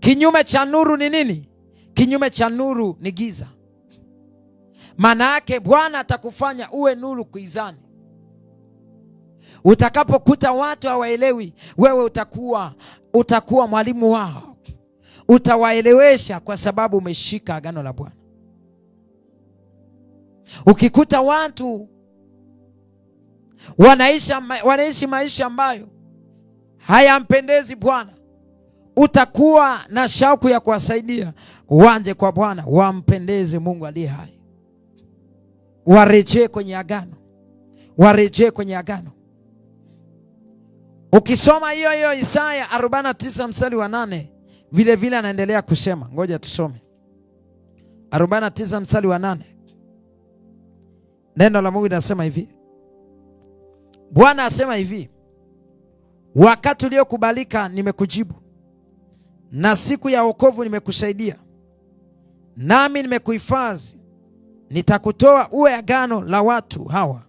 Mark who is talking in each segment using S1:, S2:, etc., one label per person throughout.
S1: Kinyume cha nuru ni nini? Kinyume cha nuru ni giza. Maana yake Bwana atakufanya uwe nuru kuizani. Utakapokuta watu hawaelewi, wewe utakuwa utakuwa mwalimu wao, utawaelewesha kwa sababu umeshika agano la Bwana. Ukikuta watu wanaisha, wanaishi maisha ambayo hayampendezi Bwana, utakuwa na shauku ya kuwasaidia wanje kwa Bwana, wampendeze Mungu aliye hai, warejee kwenye agano, warejee kwenye agano. Ukisoma hiyo hiyo Isaya 49 mstari wa nane vile vile anaendelea kusema, ngoja tusome 49 mstari wa nane. Neno la Mungu linasema hivi, Bwana asema hivi, wakati uliokubalika nimekujibu na siku ya wokovu nimekusaidia, nami nimekuhifadhi, nitakutoa uwe agano la watu hawa,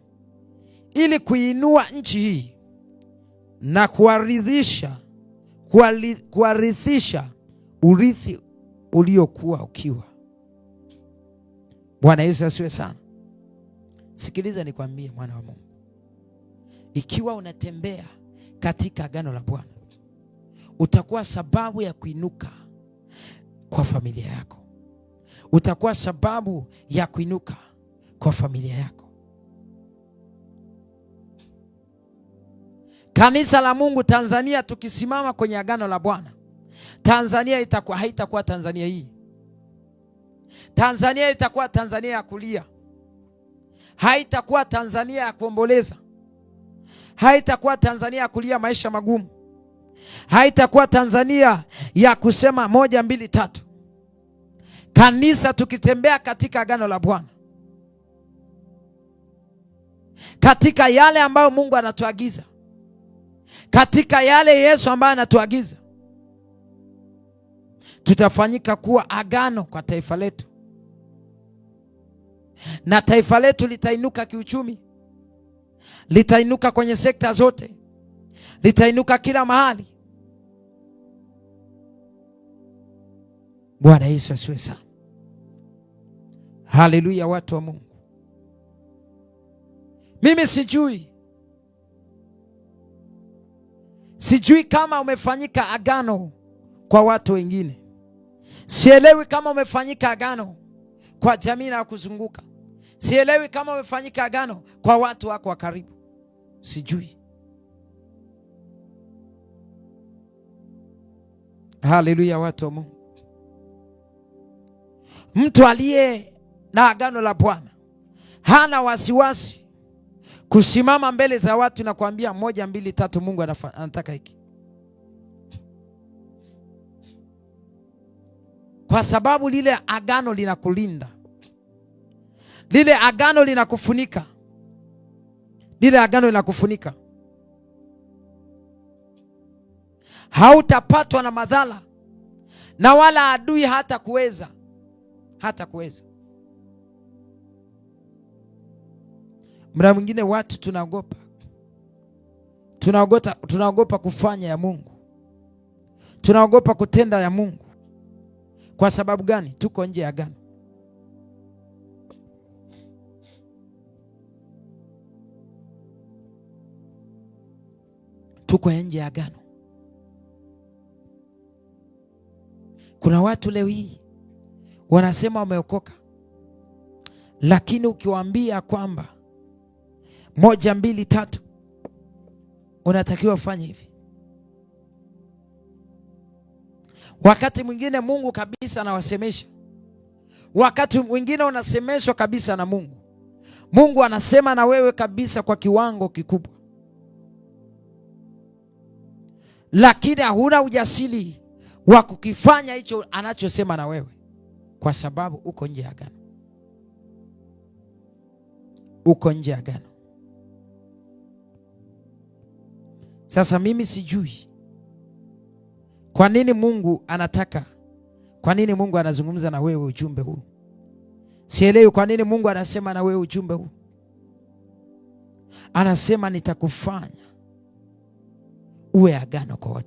S1: ili kuinua nchi hii na kuwarithisha kuwarithisha urithi uliokuwa ukiwa. Bwana Yesu asiwe sana. Sikiliza nikwambie, mwana wa Mungu, ikiwa unatembea katika agano la Bwana utakuwa sababu ya kuinuka kwa familia yako, utakuwa sababu ya kuinuka kwa familia yako. Kanisa la Mungu Tanzania, tukisimama kwenye agano la Bwana, Tanzania itakuwa haitakuwa Tanzania hii. Tanzania itakuwa Tanzania ya kulia, haitakuwa Tanzania ya kuomboleza, haitakuwa Tanzania ya kulia maisha magumu haitakuwa Tanzania ya kusema moja mbili tatu. Kanisa tukitembea katika agano la Bwana, katika yale ambayo Mungu anatuagiza, katika yale Yesu ambayo anatuagiza, tutafanyika kuwa agano kwa taifa letu, na taifa letu litainuka kiuchumi, litainuka kwenye sekta zote, litainuka kila mahali Bwana Yesu asiwe sana. Haleluya, watu wa Mungu. Mimi sijui, sijui kama umefanyika agano kwa watu wengine, sielewi kama umefanyika agano kwa jamii na kuzunguka, sielewi kama umefanyika agano kwa watu wako wa karibu, sijui. Haleluya, watu wa Mungu. Mtu aliye na agano la Bwana hana wasiwasi kusimama mbele za watu na kuambia moja, mbili, tatu, Mungu anataka hiki, kwa sababu lile agano linakulinda, lile agano linakufunika, lile agano linakufunika. Hautapatwa na madhara na wala adui hata kuweza hata kuweza. Mara mwingine watu tunaogopa, tunaogopa, tunaogopa kufanya ya Mungu, tunaogopa kutenda ya Mungu. Kwa sababu gani? Tuko nje ya agano. Tuko nje ya agano. Kuna watu leo hii wanasema wameokoka, lakini ukiwaambia kwamba moja mbili tatu unatakiwa ufanye hivi. Wakati mwingine Mungu kabisa anawasemesha, wakati mwingine unasemeshwa kabisa na Mungu. Mungu anasema na wewe kabisa kwa kiwango kikubwa, lakini hauna ujasiri wa kukifanya hicho anachosema na wewe kwa sababu uko nje ya agano, uko nje ya agano. Sasa mimi sijui kwa nini Mungu anataka, kwa nini Mungu anazungumza na wewe ujumbe huu. Sielewi kwa nini Mungu anasema na wewe ujumbe huu. Anasema nitakufanya uwe agano kwa watu.